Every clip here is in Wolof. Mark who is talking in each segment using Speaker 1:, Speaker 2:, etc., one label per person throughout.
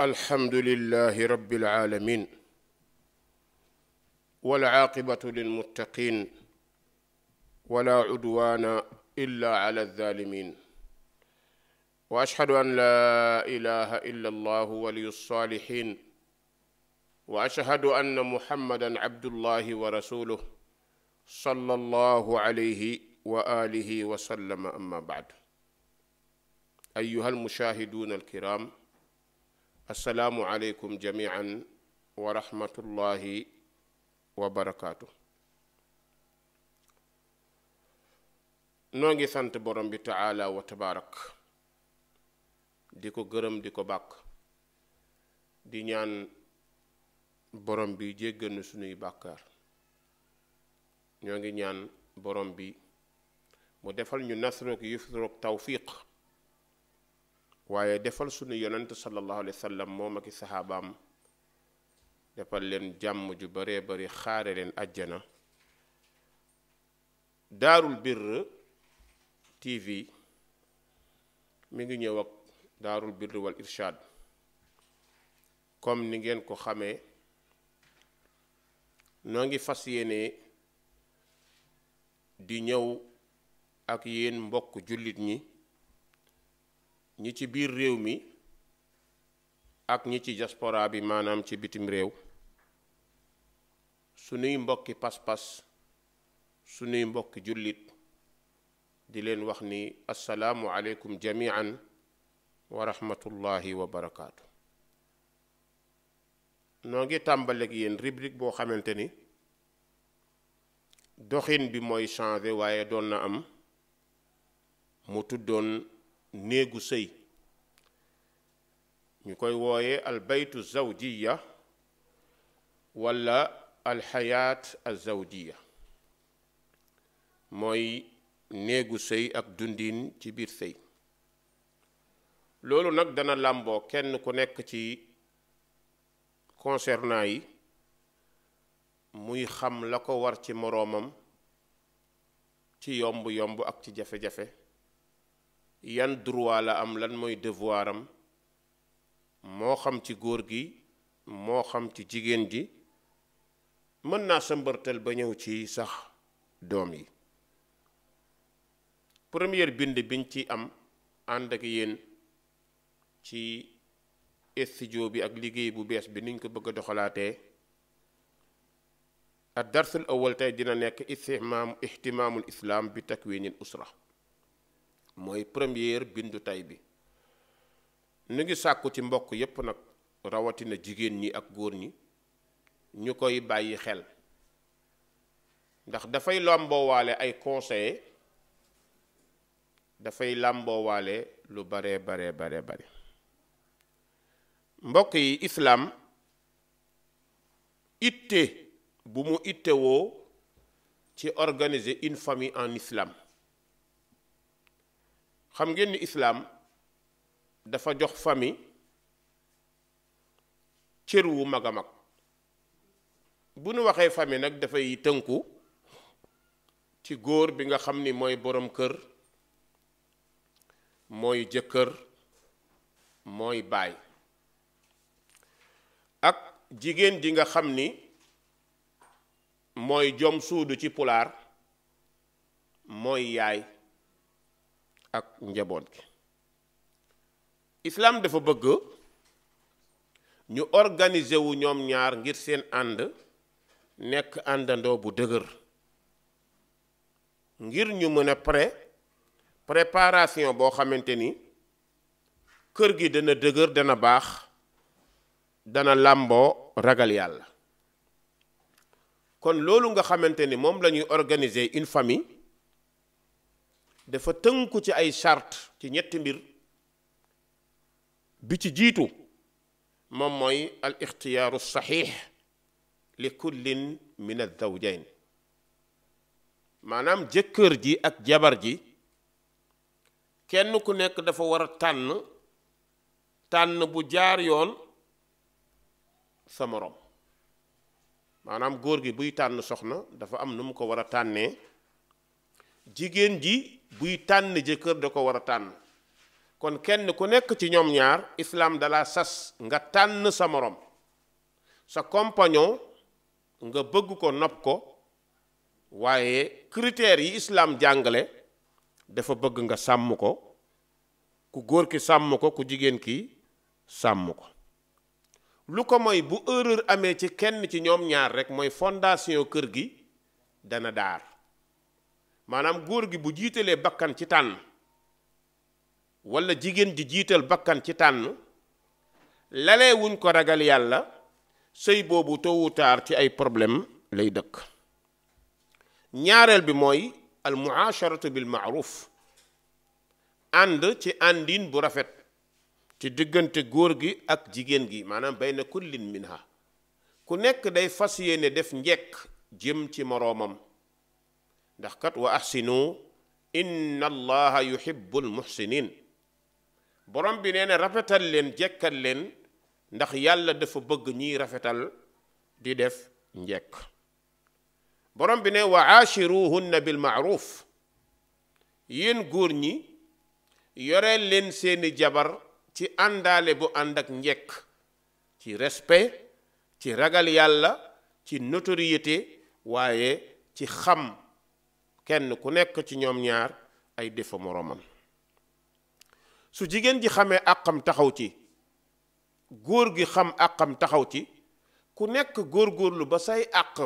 Speaker 1: alhamdulillahi rabbil aalamiin wal aaqibatu lil muttaqiin wala udwaana illaa ala zaalimiin wa ashhadu an laa ilaaha illa allahu waliyu saalihiin wa ashhadu anna muhammadan abdullahi wa rasuluhu sallallahu alayhi wa aalihi wa sallama amma ba'd ayyuhal mushaahiduuna alkiraam assalaamu aleykum jamian wa rahmatullahi wa noo ngi sant borom bi taala wa di ko gërëm di ko bàkk di ñaan borom bi jéggal sunuy bàkkaar ñoo ngi ñaan borom bi mu defal ñu nasrok yusrok tawfiq waaye defal suñu yonent sallallahu alayhi moom ak i saxaabaam defal leen jàmm ju baree bari xaare leen àjjana daarul birr tv mi ngi ñëw ak daarul birr wal comme ni ngeen ko xamee noo ngi fas yéene di ñëw ak yéen mbokk jullit ñi ñi ci biir réew mi ak ñi ci jaspora bi maanaam ci bitim réew sunuy mbokki pas-pas sunuy mbokki jullit di leen wax ni assalaamu aleykum jamian wa rahmatullahi wa barakaatu noo ngi boo xamante ni doxin bi mooy changé waaye doon na am mu tuddoon néegu sëy ñu koy wooye albaytu zawjiya walla alxayaat azawjiya mooy néegu sëy ak dundin ci biir sëy loolu nag dana làmboo kenn ku nekk ci concernant yi muy xam la ko war ci moroomam ci yomb yomb ak ci jafe-jafe yan droit la am lan mooy devoir am moo xam ci góor gi moo xam ci jigéen ji mën naa sëmbartal ba ñëw ci sax doom yi première bind biñ ci am ànd ak yéen ci studio bi ak liggéey bu bees bi niñ ko bëgg a doxalaatee ad darsul awal tey dina nekk istimaamu islaam bi takwinil usra mooy première bindu tay bi nu ngi sàkku ci mbokk yépp nag rawatina jigéen ñi ak góor ñi ñu koy bàyyi xel ndax dafay làmboowaale ay conseillers dafay làmboowaale lu bare bare bare bare mbokk yi islam itte bu mu ittewoo ci organiser une famille en islam xam ngeen ni islaam dafa jox famille cër wu mag a mag bu nu waxee famille nag dafay tënku ci góor bi nga xam ni mooy boroom kër mooy jëkkër mooy baay ak jigéen ji nga xam ni mooy jom suudu ci pulaar mooy yaay ak njaboot gi islaam dafa bëgg ñu organiser wu ñoom ñaar ngir seen ànd nekk àndandoo bu dëgër ngir ñu mën a pré préparation boo xamante ni kër gi dana dëgër dana baax dana làmboo ragal yàlla kon loolu nga xamante ni moom la ñuy organiser une famille dafa tënku ci ay charte ci ñetti mbir bi ci jiitu moom mooy al ixtiyaaru saxiix li kullin min azawjayn maanaam jëkkër ji ak jabar ji kenn ku nekk dafa war a tànn tànn bu jaar yoon sa moroom maanaam góor gi buy tànn soxna dafa am nu mu ko war a tànnee jigéen ji buy tànn jëkkër da ko war a tànn kon kenn ku nekk ci ñoom ñaar islaam dala sas nga tànn sa morom sa compagnon nga bëgg ko nopp ko waaye critères yi islaam jàngale dafa bëgg nga sàmm ko ku góor ki sàmm ko ku jigéen ki sàmm ko lu ko moy bu erreur amee ci kenn ci ñoom ñaar rekk mooy fondation kër gi dana daar maanaam góor gi bu jiitalee bakkan ci tànn wala jigéen di jiital bakkan ci tànn lalee ko ragal yàlla sëy boobu tôt ci ay problème lay dëkk ñaareel bi mooy al muasharatu bil maaruf ànd ci àndin bu rafet ci diggante góor gi ak jigéen gi maanaam bayna kullin minha ku nekk day fas yéene def njekk jëm ci moroomam ndax kat wa ahsinu inna allaha yuhibbul muhsinin borom bi nee na rafetal leen jekkal leen ndax yàlla dafa bëgg ñuy rafetal di def njekk borom bi ne wa aachiruhunna bil maaruf yéen góor ñi yore leen seeni jabar ci àndaale bu ànd ak njekk ci respe ci ragal yàlla ci notoriété waaye ci xam kenn ku nekk ci ñoom ñaar ay defa moroomam su jigéen ji xamee àqam taxaw ci góor gi xam àqam taxaw ci ku nekk góor góorlu ba say àq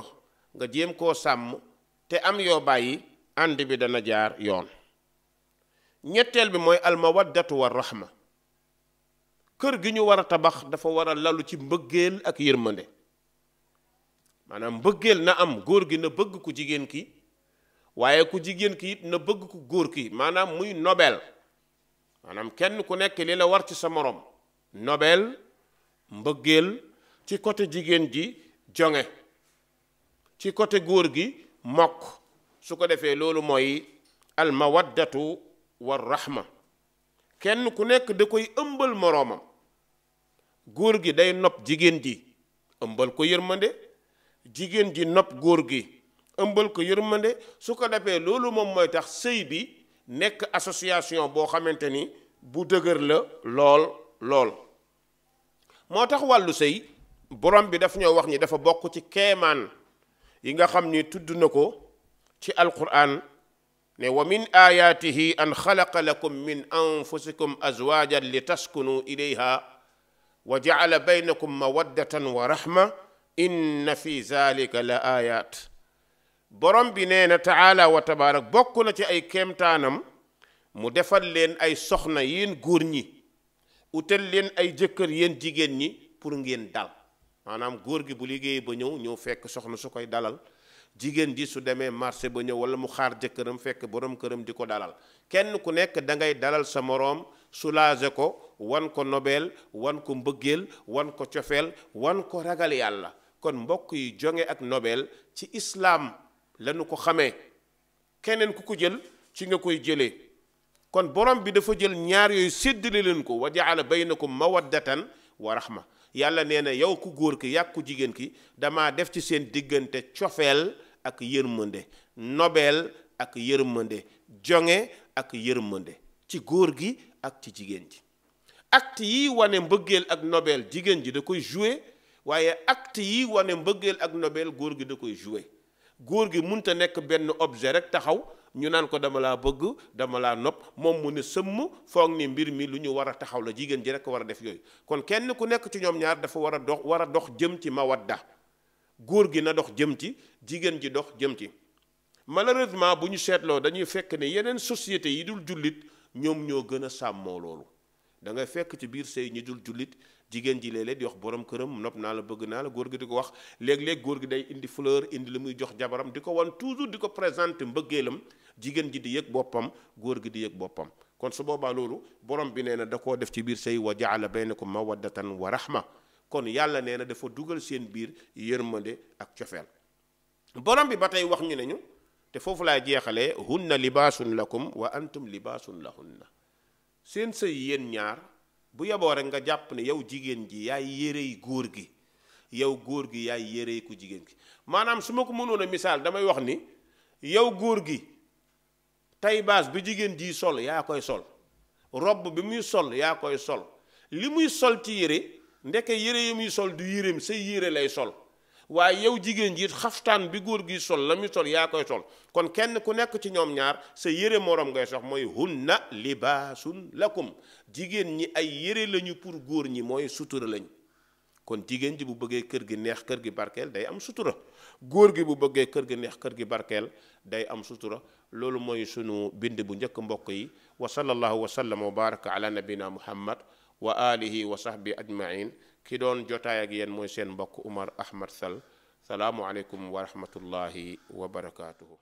Speaker 1: nga jéem koo sàmm te am yoo bàyyi ànd bi dana jaar yoon ñetteel bi mooy almawaddatu war rahma kër gi ñu war a tabax dafa war a lalu ci mbëggeel ak yërmande maanaam mbëggeel na am góor gi na bëgg ku jigéen ki waaye ku jigéen ki it na bëgg ku góor ki maanaam muy nobel maanaam kenn ku nekk li la war ci sa morom nobel mbëggeel ci côté jigéen ji jonge ci côté góor gi mokk su ko defee loolu mooy almawaddatu war rahma kenn ku nekk da koy ëmbal moroomam góor gi day nopp jigéen ji ëmbal ko yërmande jigéen ji nopp góor gi ëmbal ko yërmande su ko defee loolu moom mooy tax sëy bi nekk association boo xamante ni bu dëgër la lool lool moo tax wàllu sëy borom bi daf ñoo wax ni dafa bokk ci keemaan yi nga xam ni tudd na ko ci alquran ne wa min ayaatihi an xalaqa lakum min anfusikum azwaajan li taskunu ilayha wa jaala baynakum mawaddatan wa rahma inna fi zalika la ayat borom bi nee na taala wa tabaarak bokk na ci ay kéemtaanam mu defal leen ay soxna yéen góor ñi utal leen ay jëkkër yéen jigéen ñi pour ngeen dal maanaam góor gi bu liggéey ba ñëw ñëw fekk soxna su koy dalal jigéen ji su demee marché ba ñëw wala mu xaar jëkkëram fekk borom këram di ko dalal kenn ku nekk da ngay dalal sa moroom soulager ko wan ko nobel wan ko mbëggeel wan ko cofeel wan ko ragal yàlla kon mbokk yi jonge ak nobel ci islaam lanu ko xamee keneen ku ko jël ci nga koy jëlee kon borom bi dafa jël ñaar yooyu séddale leen ko wa jaala baynakum mawaddatan warax ma yàlla nee na yow ku góor gi yàkku jigéen ki dama def ci seen diggante cofeel ak yërmënde nobeel ak yërmande jonge ak yërmande ci góor gi ak ci jigéen ji acte yi wane mbëggeel ak nobeel jigéen ji da koy joue waaye acte yi wane mbëggeel ak nobeel góor gi da koy jouer góor gi munta nekk benn objet rek taxaw ñu naan ko dama laa bëgg dama laa nopp moom mu ne sëmm foog ni mbir mii lu ñu war a taxaw la jigéen ji rek war a def yooyu kon kenn ku nekk ci ñoom ñaar dafa war a dox war a dox jëm ci mawadda góor gi na dox jëm ci jigéen ji dox jëm ci malheureusement bu ñu seetloo dañuy fekk ne yeneen société yi dul jullit ñoom ñoo gën a sàmmoo loolu da ngay fekk ci biir sëy ñi dul jullit jigéen ji léeg-léeg di wax borom këram nopp naa la bëgg naa la góor gi di ko wax léeg-léeg góor gi day indi fleur indi li muy jox jabaram di ko wan toujours di ko présenter mbëggeelam jigéen ji di yëg boppam góor gi di yëg boppam kon su boobaa loolu borom bi nee na da koo def ci biir sëy wa jaala baynakum mawaddatan wa rahma kon yàlla nee na dafa dugal seen biir yërmande ak cofeel borom bi ba tey wax ñu ne ñu te foofu laay jeexalee hunna libaasun lakum wa antum libaasun lahunna seen sëy yéen ñaar bu yeboo rek nga jàpp ne yow jigéen ji yaay yérey góor gi yow góor gi yaay yérey ku jigéen gi maanaam su ma ko mënoon a misaal damay wax ni yow góor gi tey baas bi jigéen ji sol yaa koy sol robb bi muy sol yaa koy sol li muy sol ci yére ndeke yére yi muy sol du yéreem say yére lay sol waaye yow jigéen ji it xaftaan bi góor gi sol la muy sol yaa koy sol kon kenn ku nekk ci ñoom ñaar sa yére moroom ngay sox mooy hunna libaasun lakum jigéen ñi ay yére lañu pour góor ñi mooy sutura lañ kon jigéen ji bu bëggee kër gi neex kër gi barkeel day am sutura góor gi bu bëggee kër gi neex kër gi barkeel day am sutura loolu mooy suñu bind bu njëkk mbokk yi wa sallallahu wa sallam wa baraka ala nabina muhammad wa alihi wa sahbi ajmain ki doon jotaay ak yéen mooy seen mbokk Umar Ahmad Sall salaamualeykum wa rahmatullahi wa barakaatuhu.